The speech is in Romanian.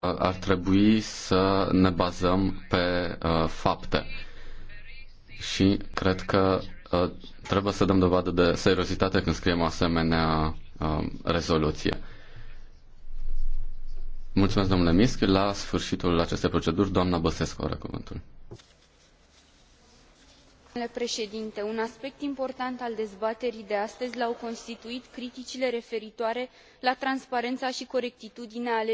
ar trebui să ne bazăm pe uh, fapte. Și cred că uh, trebuie să dăm dovadă de seriozitate când scriem o asemenea uh, rezoluție. Mulțumesc, domnule Misc. La sfârșitul acestei proceduri, doamna Băsescu are cuvântul. Președinte, un aspect important al dezbaterii de astăzi l au constituit criticile referitoare la transparența și corectitudinea ale